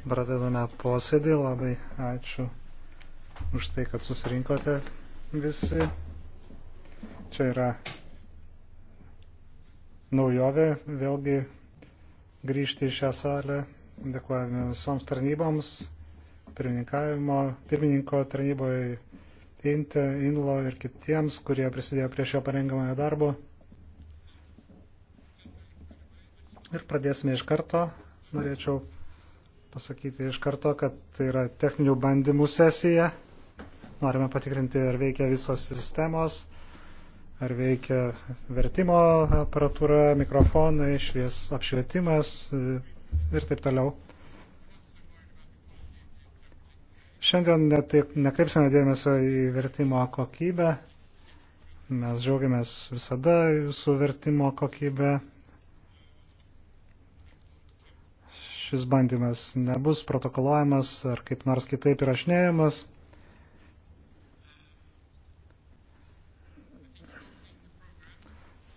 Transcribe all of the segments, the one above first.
Pradedame posėdį. Labai ačiū už tai, kad susirinkote visi. Čia yra naujovė vėlgi grįžti į šią salę. Dėkuojame visoms tarnyboms, pirmininko tarnyboje Inte, Inlo ir kitiems, kurie prisidėjo prie šio parengiamojo darbo. Ir pradėsime iš karto. Norėčiau pasakyti iš karto, kad tai yra techninių bandymų sesija. Norime patikrinti, ar veikia visos sistemos, ar veikia vertimo aparatūra, mikrofonai, švies, apšvietimas e, ir taip toliau. Šiandien netaip, nekreipsime dėmesio į vertimo kokybę. Mes džiaugiamės visada jūsų vertimo kokybę šis bandymas nebus protokoluojamas ar kaip nors kitaip įrašinėjamas.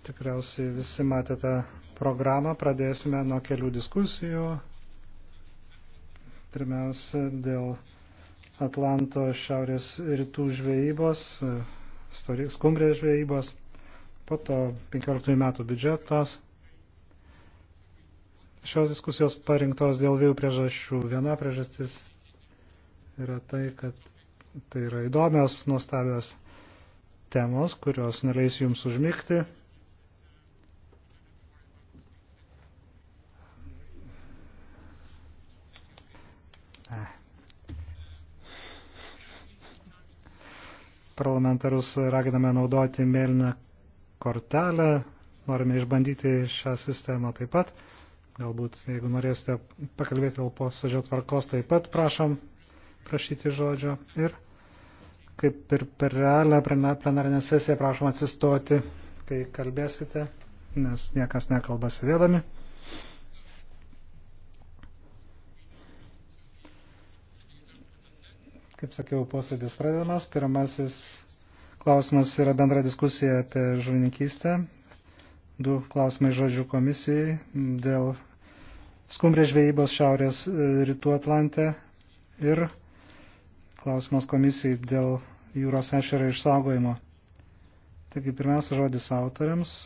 Tikriausiai visi matėte programą, pradėsime nuo kelių diskusijų. Pirmiausia, dėl Atlanto šiaurės rytų žvejybos, skumbrės žvejybos, po to 15 metų biudžetas. Šios diskusijos parinktos dėl dviejų priežasčių. Viena priežastis yra tai, kad tai yra įdomios, nuostabios temos, kurios neleis jums užmygti. Eh. Parlamentarus raginame naudoti mėlyną kortelę, norime išbandyti šią sistemą taip pat. Galbūt, jeigu norėsite pakalbėti dėl posėdžio tvarkos, taip pat prašom prašyti žodžio. Ir kaip ir per realią plenarinę sesiją prašom atsistoti, kai kalbėsite, nes niekas nekalba sėdėdami. Kaip sakiau, posėdis pradedamas. Pirmasis klausimas yra bendra diskusija apie žuvininkystę Du klausimai žodžių komisijai dėl skumbrės žvejybos šiaurės e, rytų Atlante ir klausimas komisijai dėl jūros ešerio išsaugojimo. Taigi pirmiausia žodis autoriams.